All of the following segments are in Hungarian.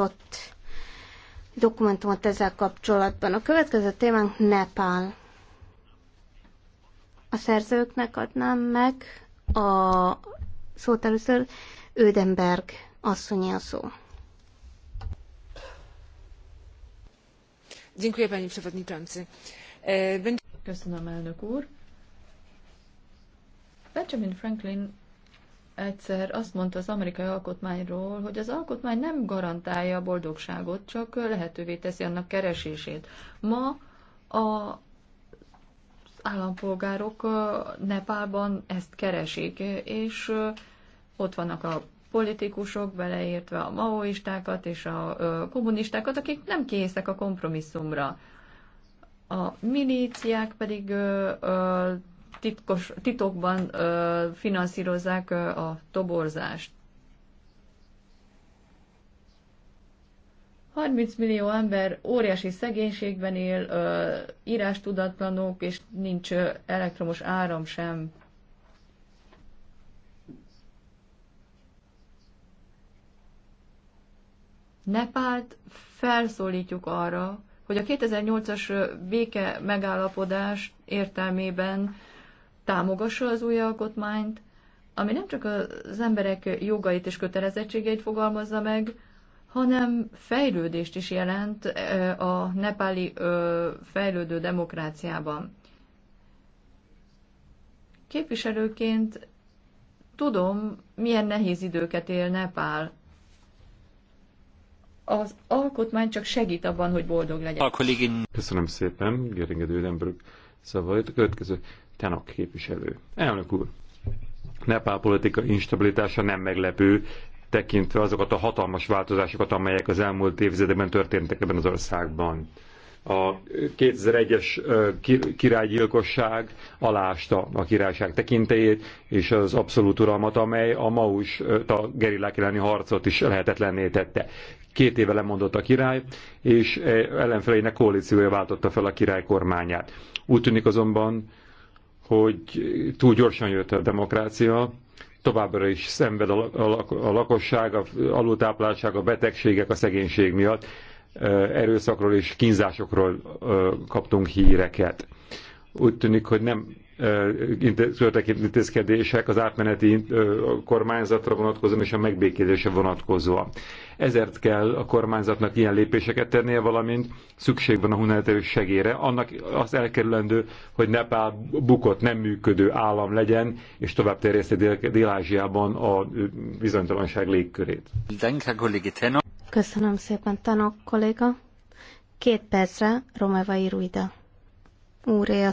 nyújtott dokumentumot ezzel kapcsolatban. A következő témánk Nepál. A szerzőknek adnám meg a szót először Ödenberg asszonyi a szó. E, Köszönöm, elnök úr. Benjamin Franklin egyszer azt mondta az amerikai alkotmányról, hogy az alkotmány nem garantálja a boldogságot, csak lehetővé teszi annak keresését. Ma a állampolgárok Nepálban ezt keresik, és ott vannak a politikusok, beleértve a maoistákat és a kommunistákat, akik nem készek a kompromisszumra. A milíciák pedig titkos, titokban ö, finanszírozzák ö, a toborzást. 30 millió ember óriási szegénységben él, ö, írás tudatlanok, és nincs ö, elektromos áram sem. Nepált felszólítjuk arra, hogy a 2008-as béke megállapodás értelmében támogassa az új alkotmányt, ami nem csak az emberek jogait és kötelezettségeit fogalmazza meg, hanem fejlődést is jelent a nepáli fejlődő demokráciában. Képviselőként tudom, milyen nehéz időket él Nepál. Az alkotmány csak segít abban, hogy boldog legyen. Köszönöm szépen, Geringedő Ödenbrück szavait. A következő Tenok képviselő. Elnök úr, Nepál politika instabilitása nem meglepő, tekintve azokat a hatalmas változásokat, amelyek az elmúlt évtizedekben történtek ebben az országban. A 2001-es királygyilkosság alásta a királyság tekintélyét, és az abszolút uralmat, amely a maus, a gerillák elleni harcot is lehetetlenné tette. Két éve lemondott a király, és ellenfeleinek koalíciója váltotta fel a király kormányát. Úgy tűnik azonban, hogy túl gyorsan jött a demokrácia, továbbra is szenved a, lak a lakosság, a alultápláltság, a betegségek, a szegénység miatt erőszakról és kínzásokról kaptunk híreket. Úgy tűnik, hogy nem születtek intézkedések az átmeneti kormányzatra vonatkozóan és a megbékélésre vonatkozóan. Ezért kell a kormányzatnak ilyen lépéseket tennie, valamint szükség van a humanitárius segére. Annak az elkerülendő, hogy Nepál bukott, nem működő állam legyen, és tovább terjeszti Dél-Ázsiában a bizonytalanság légkörét. Köszönöm szépen, Tanok kolléga. Két percre Romeva Iruida úré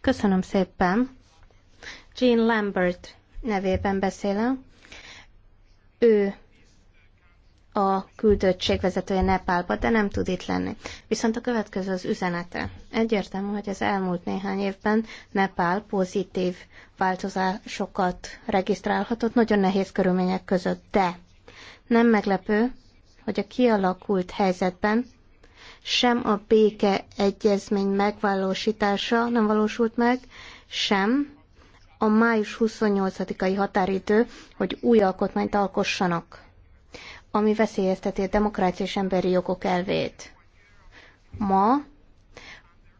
Köszönöm szépen. Jean Lambert nevében beszélek. Ő a küldöttség vezetője Nepálba, de nem tud itt lenni. Viszont a következő az üzenete. Egyértelmű, hogy az elmúlt néhány évben Nepál pozitív változásokat regisztrálhatott, nagyon nehéz körülmények között, de nem meglepő, hogy a kialakult helyzetben sem a béke egyezmény megvalósítása nem valósult meg, sem a május 28-ai határidő, hogy új alkotmányt alkossanak, ami veszélyezteti a demokrácia és emberi jogok elvét. Ma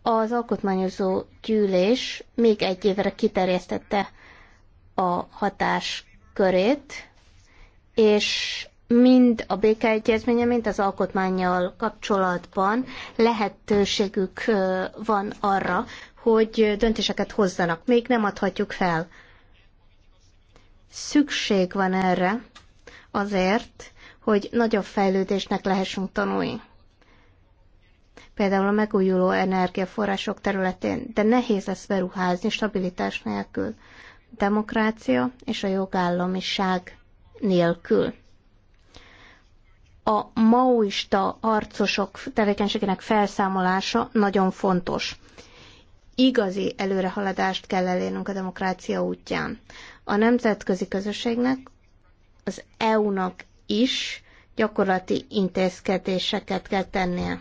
az alkotmányozó gyűlés még egy évre kiterjesztette a hatáskörét, és mind a békeegyezménye, mind az alkotmányjal kapcsolatban lehetőségük van arra, hogy döntéseket hozzanak. Még nem adhatjuk fel. Szükség van erre azért, hogy nagyobb fejlődésnek lehessünk tanulni. Például a megújuló energiaforrások területén, de nehéz lesz beruházni stabilitás nélkül, demokrácia és a jogállamiság nélkül a maoista arcosok, tevékenységének felszámolása nagyon fontos. Igazi előrehaladást kell elérnünk a demokrácia útján. A nemzetközi közösségnek, az EU-nak is gyakorlati intézkedéseket kell tennie.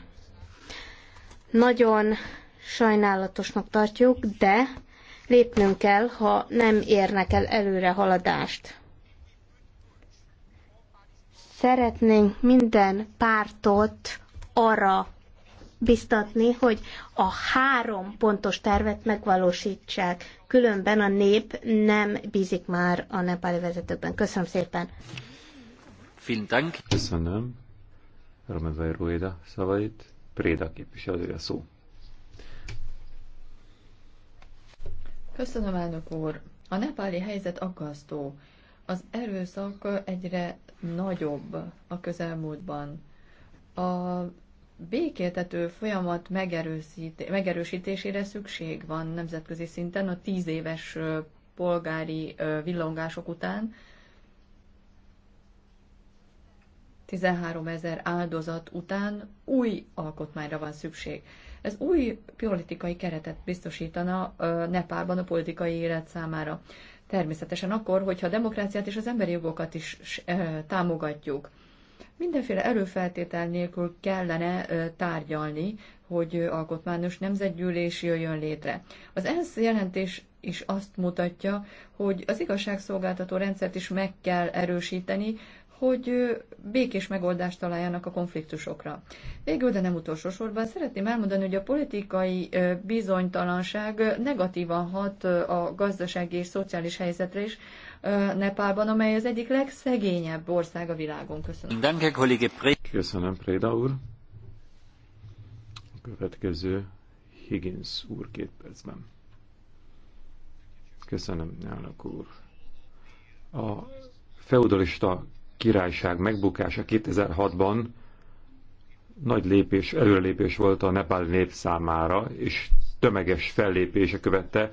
Nagyon sajnálatosnak tartjuk, de lépnünk kell, ha nem érnek el előrehaladást. Szeretnénk minden pártot arra biztatni, hogy a három pontos tervet megvalósítsák. Különben a nép nem bízik már a nepáli vezetőkben. Köszönöm szépen. Dank, Köszönöm. Ramazai Rueda szavait. Préda képviselője szó. Köszönöm, elnök úr. A nepáli helyzet aggasztó. Az erőszak egyre nagyobb a közelmúltban. A békéltető folyamat megerősítésére szükség van nemzetközi szinten a tíz éves polgári villongások után. 13 ezer áldozat után új alkotmányra van szükség. Ez új politikai keretet biztosítana Nepálban a politikai élet számára. Természetesen akkor, hogyha a demokráciát és az emberi jogokat is támogatjuk. Mindenféle erőfeltétel nélkül kellene tárgyalni, hogy alkotmányos nemzetgyűlés jöjjön létre. Az ENSZ jelentés is azt mutatja, hogy az igazságszolgáltató rendszert is meg kell erősíteni, hogy békés megoldást találjanak a konfliktusokra. Végül, de nem utolsó sorban szeretném elmondani, hogy a politikai bizonytalanság negatívan hat a gazdasági és szociális helyzetre is Nepálban, amely az egyik legszegényebb ország a világon. Köszönöm. Köszönöm, Préda úr. A következő Higgins úr két percben. Köszönöm, elnök úr. A feudalista királyság megbukása 2006-ban nagy lépés, előrelépés volt a nepál nép számára, és tömeges fellépése követte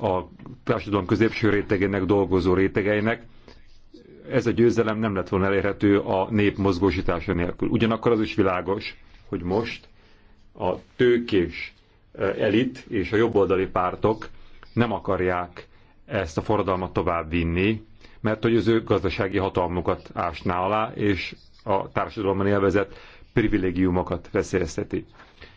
a társadalom középső rétegének, dolgozó rétegeinek. Ez a győzelem nem lett volna elérhető a nép mozgósítása nélkül. Ugyanakkor az is világos, hogy most a tőkés elit és a jobboldali pártok nem akarják ezt a forradalmat tovább vinni, mert hogy az ő gazdasági hatalmukat ásná alá, és a társadalomban élvezett privilégiumokat veszélyezteti.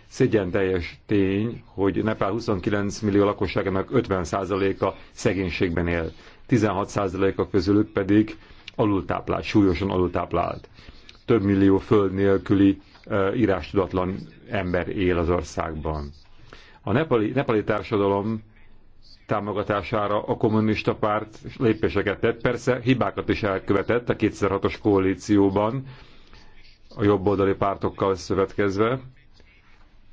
Szégyen teljes tény, hogy Nepál 29 millió lakosságának 50%-a szegénységben él, 16%-a közülük pedig alultáplált, súlyosan alultáplált. Több millió föld nélküli írástudatlan ember él az országban. A nepali, nepali társadalom támogatására a kommunista párt lépéseket tett. Persze hibákat is elkövetett a 2006-os koalícióban, a jobboldali pártokkal szövetkezve,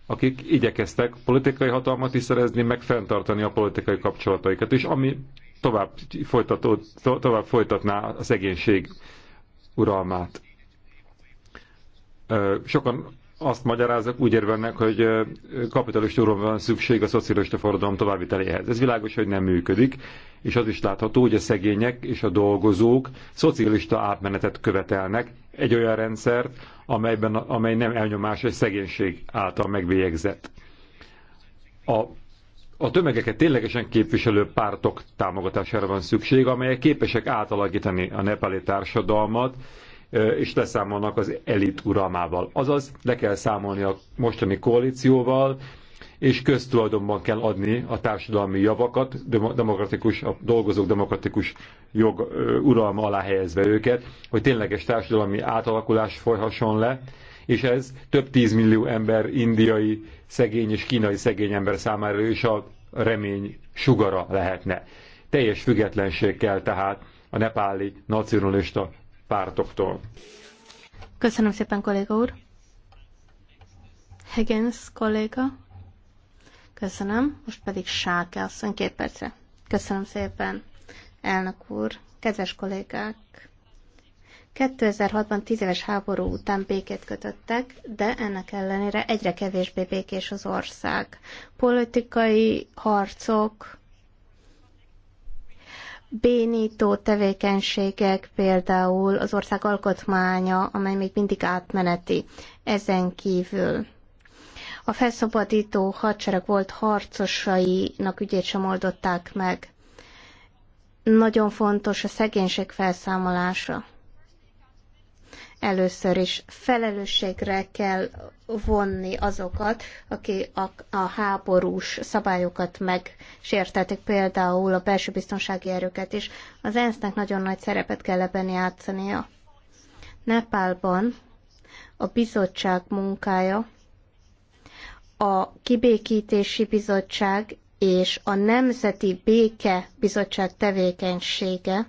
akik igyekeztek politikai hatalmat is szerezni, meg fenntartani a politikai kapcsolataikat, és ami tovább, folytató, to, tovább folytatná a szegénység uralmát. Sokan azt magyaráznak, úgy érvelnek, hogy kapitalista úrban van szükség a szocialista forradalom teléhez. Ez világos, hogy nem működik, és az is látható, hogy a szegények és a dolgozók szocialista átmenetet követelnek, egy olyan rendszert, amelyben, amely nem elnyomás és szegénység által megbélyegzett. A a tömegeket ténylegesen képviselő pártok támogatására van szükség, amelyek képesek átalakítani a nepali társadalmat, és leszámolnak az elit uralmával. Azaz le kell számolni a mostani koalícióval, és köztulajdonban kell adni a társadalmi javakat, demokratikus, a dolgozók demokratikus jog uralma alá helyezve őket, hogy tényleges társadalmi átalakulás folyhasson le, és ez több tízmillió ember indiai szegény és kínai szegény ember számára is a remény sugara lehetne. Teljes függetlenség kell tehát a nepáli nacionalista pártoktól. Köszönöm szépen, kolléga úr. Higgins kolléga. Köszönöm. Most pedig Sáke asszony két percre. Köszönöm szépen, elnök úr, kedves kollégák. 2006-ban tíz éves háború után békét kötöttek, de ennek ellenére egyre kevésbé békés az ország. Politikai harcok, bénító tevékenységek, például az ország alkotmánya, amely még mindig átmeneti. Ezen kívül a felszabadító hadsereg volt harcosainak ügyét sem oldották meg. Nagyon fontos a szegénység felszámolása. Először is felelősségre kell vonni azokat, akik a, a háborús szabályokat megsértették, például a belső biztonsági erőket is. Az ENSZ-nek nagyon nagy szerepet kell ebben játszania. Nepálban a bizottság munkája, a kibékítési bizottság és a Nemzeti Béke Bizottság tevékenysége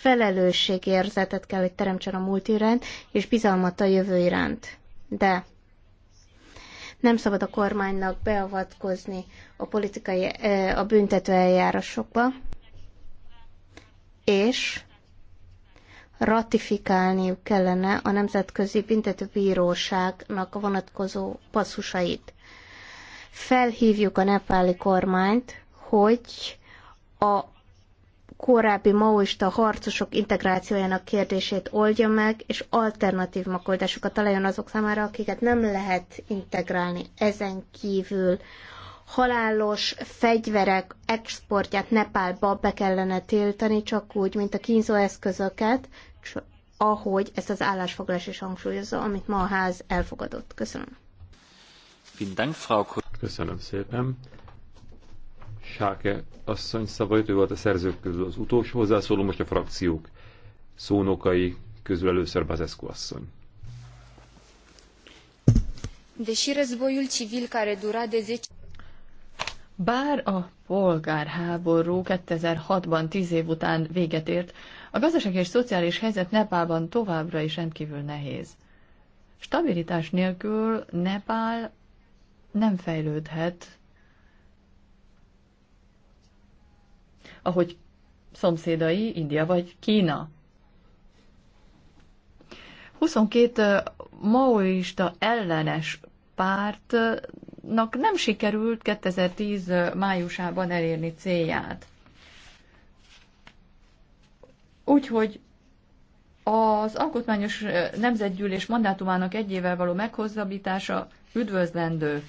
felelősségérzetet kell, hogy teremtsen a múlt iránt, és bizalmat a jövő iránt. De nem szabad a kormánynak beavatkozni a politikai, a büntető eljárásokba, és ratifikálniuk kellene a Nemzetközi Büntetőbíróságnak a vonatkozó passzusait. Felhívjuk a nepáli kormányt, hogy a korábbi maoista harcosok integrációjának kérdését oldja meg, és alternatív megoldásokat találjon azok számára, akiket nem lehet integrálni. Ezen kívül halálos fegyverek exportját Nepálba be kellene tiltani, csak úgy, mint a kínzó eszközöket, ahogy ezt az állásfoglalás is hangsúlyozza, amit ma a ház elfogadott. Köszönöm. Köszönöm szépen. Sáke asszony szavait, ő volt a szerzők közül az utolsó hozzászóló, most a frakciók szónokai közül először Bazescu asszony. Deși războiul civil care dura de 10 bár a polgárháború 2006-ban 10 év után véget ért, a gazdaság és szociális helyzet Nepálban továbbra is rendkívül nehéz. Stabilitás nélkül Nepál nem fejlődhet ahogy szomszédai India vagy Kína. 22 eh, maoista ellenes pártnak nem sikerült 2010 eh, májusában elérni célját. Úgyhogy az Alkotmányos eh, Nemzetgyűlés mandátumának egy évvel való meghozzabítása üdvözlendő.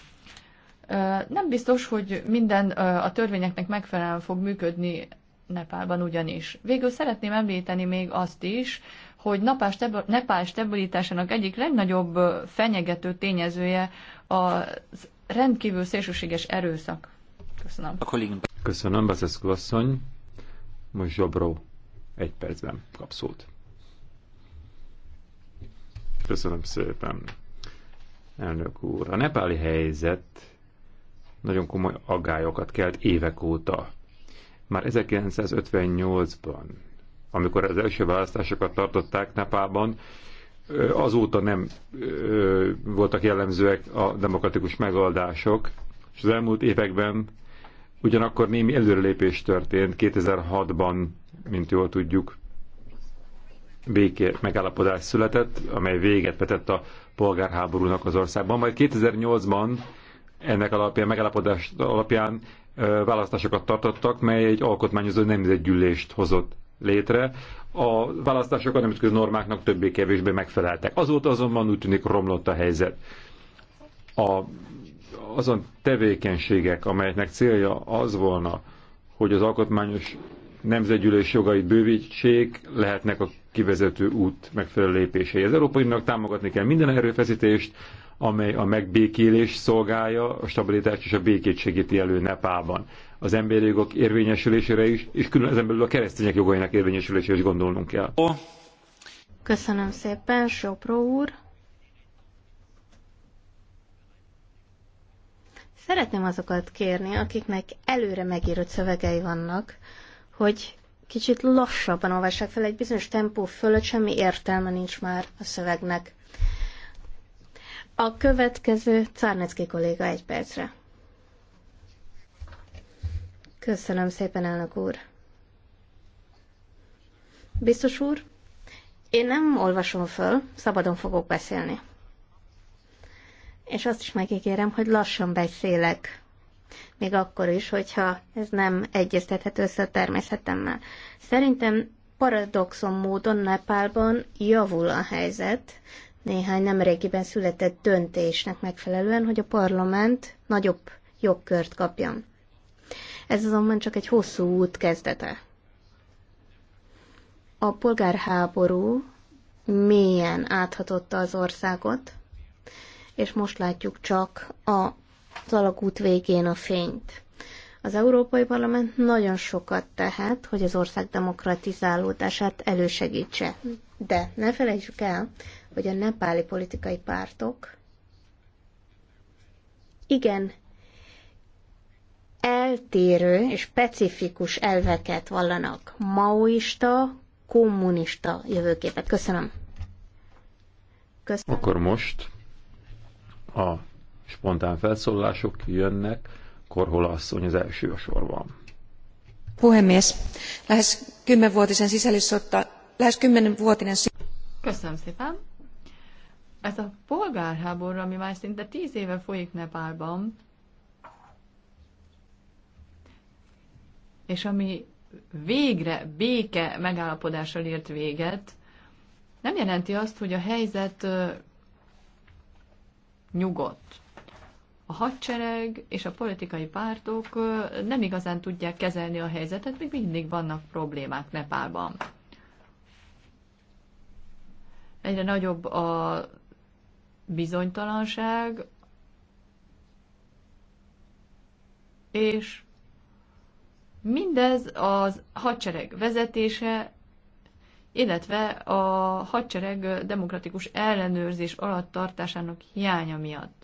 Nem biztos, hogy minden a törvényeknek megfelelően fog működni Nepálban ugyanis. Végül szeretném említeni még azt is, hogy Nepál stabilitásának egyik legnagyobb fenyegető tényezője a rendkívül szélsőséges erőszak. Köszönöm. A Köszönöm, Bazeszkó asszony. Most Zsobró egy percben kap szót. Köszönöm szépen, elnök úr. A nepáli helyzet nagyon komoly agályokat kelt évek óta. Már 1958-ban, amikor az első választásokat tartották Nepában, azóta nem voltak jellemzőek a demokratikus megoldások, és az elmúlt években ugyanakkor némi előrelépés történt 2006-ban, mint jól tudjuk, béké megállapodás született, amely véget vetett a polgárháborúnak az országban. Majd 2008-ban ennek alapján, megállapodás alapján választásokat tartottak, mely egy alkotmányozó nemzetgyűlést hozott létre. A választások a nemzetközi normáknak többé-kevésbé megfeleltek. Azóta azonban úgy tűnik romlott a helyzet. A, azon tevékenységek, amelyeknek célja az volna, hogy az alkotmányos nemzetgyűlés jogait bővítsék, lehetnek a kivezető út megfelelő lépései. Az Európai Uniónak támogatni kell minden erőfeszítést, amely a megbékélés szolgálja, a stabilitást és a békét segíti elő Nepában. Az emberi jogok érvényesülésére is, és külön belül a keresztények jogainak érvényesülésére is gondolnunk kell. Köszönöm szépen, Sopró úr! Szeretném azokat kérni, akiknek előre megírott szövegei vannak, hogy kicsit lassabban olvassák fel, egy bizonyos tempó fölött semmi értelme nincs már a szövegnek. A következő Czárnecki kolléga egy percre. Köszönöm szépen, elnök úr. Biztos úr, én nem olvasom föl, szabadon fogok beszélni. És azt is megígérem, hogy lassan beszélek még akkor is, hogyha ez nem egyeztethető össze a természetemmel. Szerintem paradoxon módon Nepálban javul a helyzet, néhány nemrégiben született döntésnek megfelelően, hogy a parlament nagyobb jogkört kapjon. Ez azonban csak egy hosszú út kezdete. A polgárháború mélyen áthatotta az országot, és most látjuk csak a az alagút végén a fényt. Az Európai Parlament nagyon sokat tehet, hogy az ország demokratizálódását elősegítse. De ne felejtsük el, hogy a nepáli politikai pártok igen eltérő és specifikus elveket vallanak. Maoista, kommunista jövőképet. Köszönöm. Köszönöm. Akkor most a spontán felszólások jönnek, Korhola asszony az első a sorban. Puhemies, lehes kymmenvuotisen sisällissotta, lähes kymmenvuotinen... Köszönöm szépen. Ez a polgárháború, ami már szinte tíz éve folyik Nepálban, és ami végre béke megállapodással ért véget, nem jelenti azt, hogy a helyzet nyugodt a hadsereg és a politikai pártok nem igazán tudják kezelni a helyzetet, még mindig vannak problémák Nepálban. Egyre nagyobb a bizonytalanság, és mindez az hadsereg vezetése, illetve a hadsereg demokratikus ellenőrzés alatt tartásának hiánya miatt.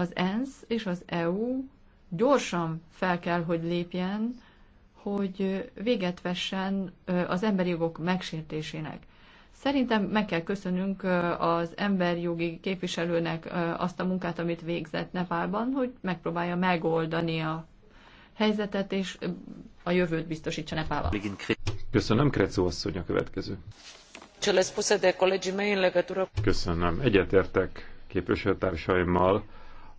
Az ENSZ és az EU gyorsan fel kell, hogy lépjen, hogy véget vessen az emberi jogok megsértésének. Szerintem meg kell köszönünk az emberjogi képviselőnek azt a munkát, amit végzett Nepálban, hogy megpróbálja megoldani a helyzetet, és a jövőt biztosítsa Nepálban. Köszönöm, Kretszó asszony a következő. Köszönöm, egyetértek képviselőtársaimmal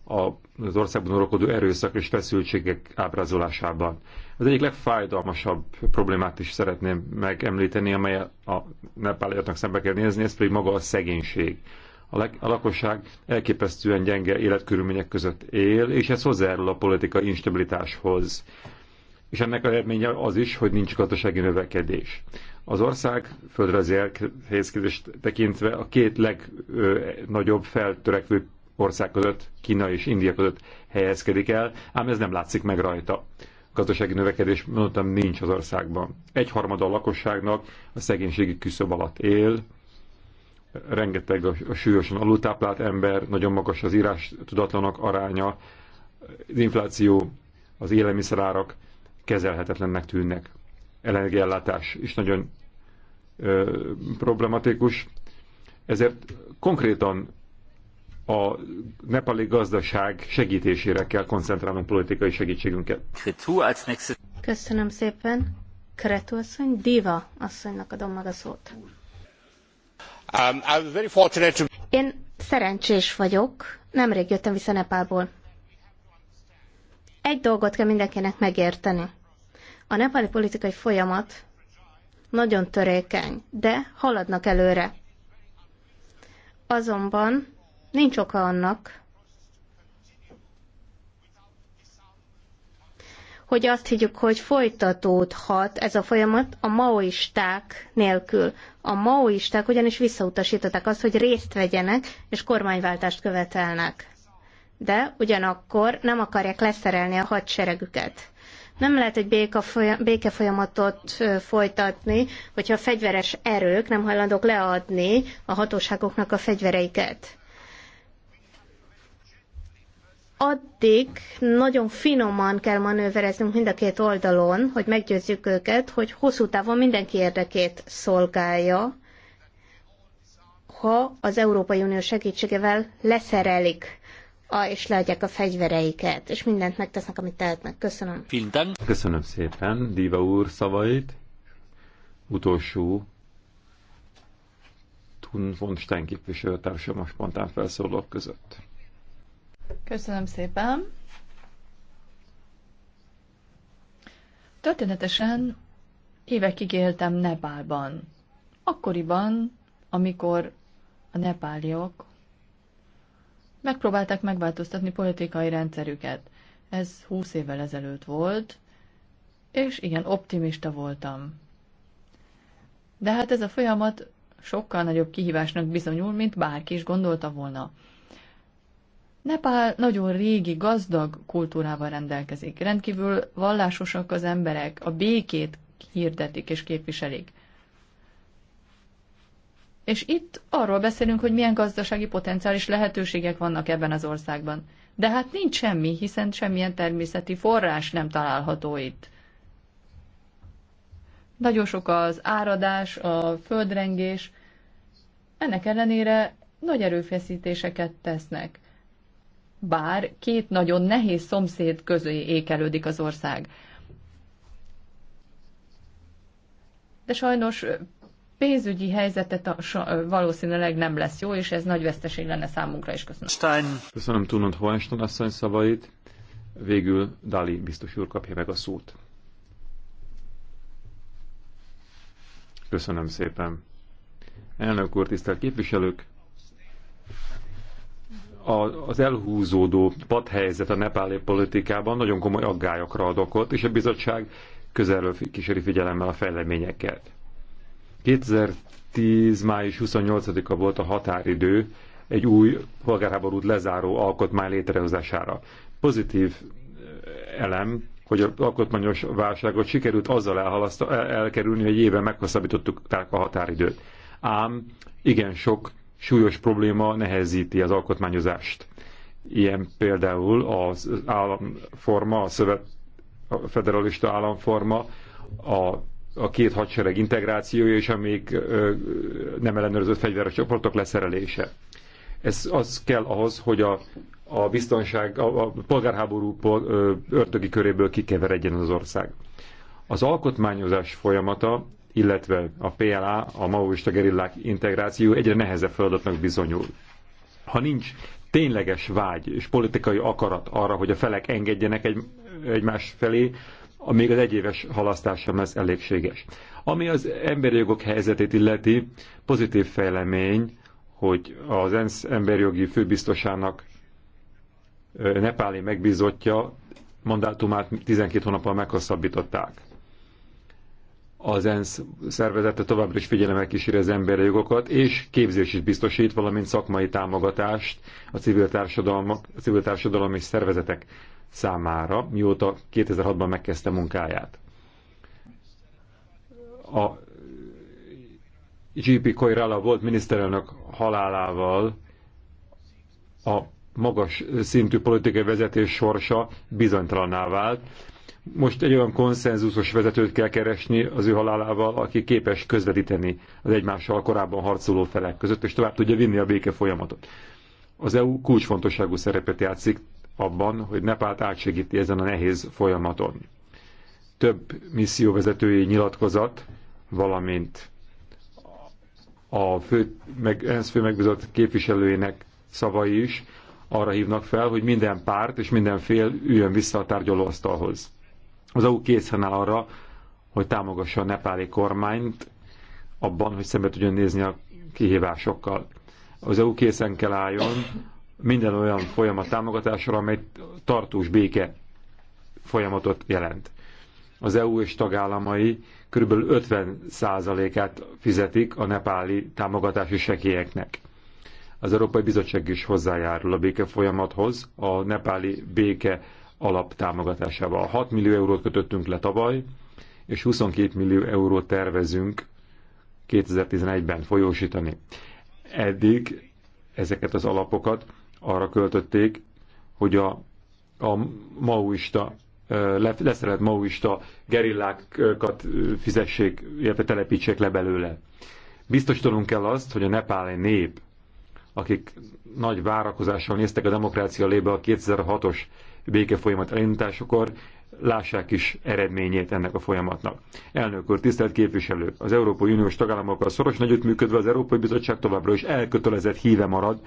az országban uralkodó erőszak és feszültségek ábrázolásában. Az egyik legfájdalmasabb problémát is szeretném megemlíteni, amely a nepáliaknak szembe kell nézni, ez pedig maga a szegénység. A, leg, a lakosság elképesztően gyenge életkörülmények között él, és ez hozzájárul a politikai instabilitáshoz. És ennek a eredménye az is, hogy nincs gazdasági növekedés. Az ország földrajzi elhelyezkedést tekintve a két legnagyobb feltörekvő ország között, Kína és India között helyezkedik el, ám ez nem látszik meg rajta. Gazdasági növekedés mondtam nincs az országban. Egyharmada a lakosságnak a szegénységi küszöb alatt él, rengeteg a súlyosan alultáplált ember, nagyon magas az írás tudatlanak aránya, az infláció, az élelmiszerárak kezelhetetlennek tűnnek. Energiállátás is nagyon ö, problematikus, ezért konkrétan a nepali gazdaság segítésére kell koncentrálnunk politikai segítségünket. Köszönöm szépen. Kretu asszony, Diva asszonynak adom meg a szót. Um, Én szerencsés vagyok, nemrég jöttem vissza Nepálból. Egy dolgot kell mindenkinek megérteni. A nepáli politikai folyamat nagyon törékeny, de haladnak előre. Azonban Nincs oka annak, hogy azt higgyük, hogy folytatódhat ez a folyamat a maoisták nélkül. A maoisták ugyanis visszautasították azt, hogy részt vegyenek és kormányváltást követelnek. De ugyanakkor nem akarják leszerelni a hadseregüket. Nem lehet egy béke folyamatot folytatni, hogyha a fegyveres erők nem hajlandók leadni a hatóságoknak a fegyvereiket addig nagyon finoman kell manővereznünk mind a két oldalon, hogy meggyőzzük őket, hogy hosszú távon mindenki érdekét szolgálja, ha az Európai Unió segítségevel leszerelik a, és leadják a fegyvereiket, és mindent megtesznek, amit tehetnek. Köszönöm. Köszönöm szépen Díva úr szavait. Utolsó Thun von Stein képviselőtársam a spontán felszólalók között. Köszönöm szépen. Történetesen évekig éltem Nepálban. Akkoriban, amikor a nepáliok megpróbálták megváltoztatni politikai rendszerüket. Ez húsz évvel ezelőtt volt, és igen, optimista voltam. De hát ez a folyamat sokkal nagyobb kihívásnak bizonyul, mint bárki is gondolta volna. Nepál nagyon régi, gazdag kultúrával rendelkezik. Rendkívül vallásosak az emberek, a békét hirdetik és képviselik. És itt arról beszélünk, hogy milyen gazdasági potenciális lehetőségek vannak ebben az országban. De hát nincs semmi, hiszen semmilyen természeti forrás nem található itt. Nagyon sok az áradás, a földrengés. Ennek ellenére nagy erőfeszítéseket tesznek bár két nagyon nehéz szomszéd közé ékelődik az ország. De sajnos pénzügyi helyzetet valószínűleg nem lesz jó, és ez nagy veszteség lenne számunkra is. Köszönöm. Stein. Köszönöm Tunant Hohenstein asszony szavait. Végül Dali biztos úr kapja meg a szót. Köszönöm szépen. Elnök úr, tisztelt képviselők! az elhúzódó padhelyzet a nepáli politikában nagyon komoly aggályokra ad okot, és a bizottság közelről kíséri figyelemmel a fejleményeket. 2010. május 28-a volt a határidő egy új polgárháborút lezáró alkotmány létrehozására. Pozitív eh, elem, hogy az alkotmányos válságot sikerült azzal elkerülni, hogy éve meghosszabbítottuk a határidőt. Ám igen sok súlyos probléma nehezíti az alkotmányozást. Ilyen például az államforma, a szövet, a federalista államforma, a, a két hadsereg integrációja és a még ö, nem ellenőrzött fegyveres csoportok leszerelése. Ez az kell ahhoz, hogy a, a biztonság, a, a polgárháború pol, ö, ördögi köréből kikeveredjen az ország. Az alkotmányozás folyamata illetve a PLA, a maoista gerillák integráció egyre nehezebb feladatnak bizonyul. Ha nincs tényleges vágy és politikai akarat arra, hogy a felek engedjenek egy, egymás felé, még az egyéves halasztás sem lesz elégséges. Ami az emberi jogok helyzetét illeti, pozitív fejlemény, hogy az ENSZ emberjogi főbiztosának nepáli megbízottja mandátumát 12 hónappal meghosszabbították az ENSZ szervezete továbbra is figyelemmel kíséri az emberi jogokat, és képzés is biztosít, valamint szakmai támogatást a civil, a civil társadalom és szervezetek számára, mióta 2006-ban megkezdte munkáját. A GP Koirala volt miniszterelnök halálával a magas szintű politikai vezetés sorsa bizonytalaná vált, most egy olyan konszenzusos vezetőt kell keresni az ő halálával, aki képes közvetíteni az egymással korábban harcoló felek között, és tovább tudja vinni a béke folyamatot. Az EU kulcsfontosságú szerepet játszik abban, hogy Nepált átsegíti ezen a nehéz folyamaton. Több misszióvezetői nyilatkozat, valamint a fő, meg, ENSZ fő megbízott képviselőjének szavai is arra hívnak fel, hogy minden párt és minden fél üljön vissza a tárgyalóasztalhoz. Az EU készen áll arra, hogy támogassa a nepáli kormányt abban, hogy szembe tudjon nézni a kihívásokkal. Az EU készen kell álljon minden olyan folyamat támogatásra, amely tartós béke folyamatot jelent. Az EU és tagállamai kb. 50%-át fizetik a nepáli támogatási sekélyeknek. Az Európai Bizottság is hozzájárul a béke folyamathoz, a nepáli béke alap támogatásával. 6 millió eurót kötöttünk le tavaly, és 22 millió eurót tervezünk 2011-ben folyósítani. Eddig ezeket az alapokat arra költötték, hogy a, a maoista, leszerelt maoista gerillákat fizessék, illetve telepítsék le belőle. Biztosítanunk kell azt, hogy a nepáli nép, akik nagy várakozással néztek a demokrácia lébe a 2006-os béke folyamat elindításakor lássák is eredményét ennek a folyamatnak. Elnök úr, tisztelt képviselő, az Európai Uniós tagállamokkal nagyot működve az Európai Bizottság továbbra is elkötelezett híve marad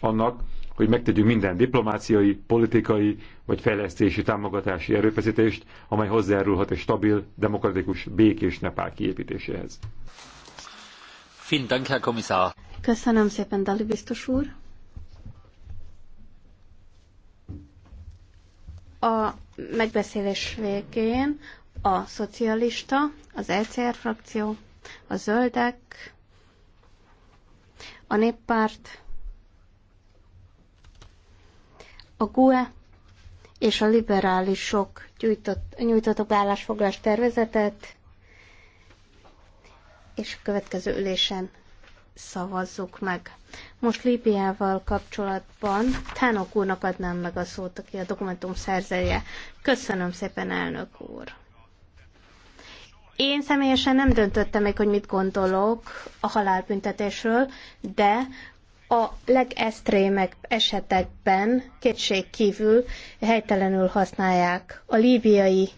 annak, hogy megtegyünk minden diplomáciai, politikai vagy fejlesztési támogatási erőfeszítést, amely hozzájárulhat egy stabil, demokratikus, békés Nepál kiépítéséhez. Köszönöm szépen, Dali biztos úr. A megbeszélés végén a szocialista, az ECR frakció, a zöldek, a néppárt, a GUE és a liberálisok nyújtottak állásfoglalás tervezetet, és a következő ülésen szavazzuk meg. Most Líbiával kapcsolatban Tánok úrnak adnám meg a szót, aki a dokumentum szerzője. Köszönöm szépen, elnök úr! Én személyesen nem döntöttem még, hogy mit gondolok a halálbüntetésről, de a legesztrémek esetekben kétség kívül helytelenül használják a líbiai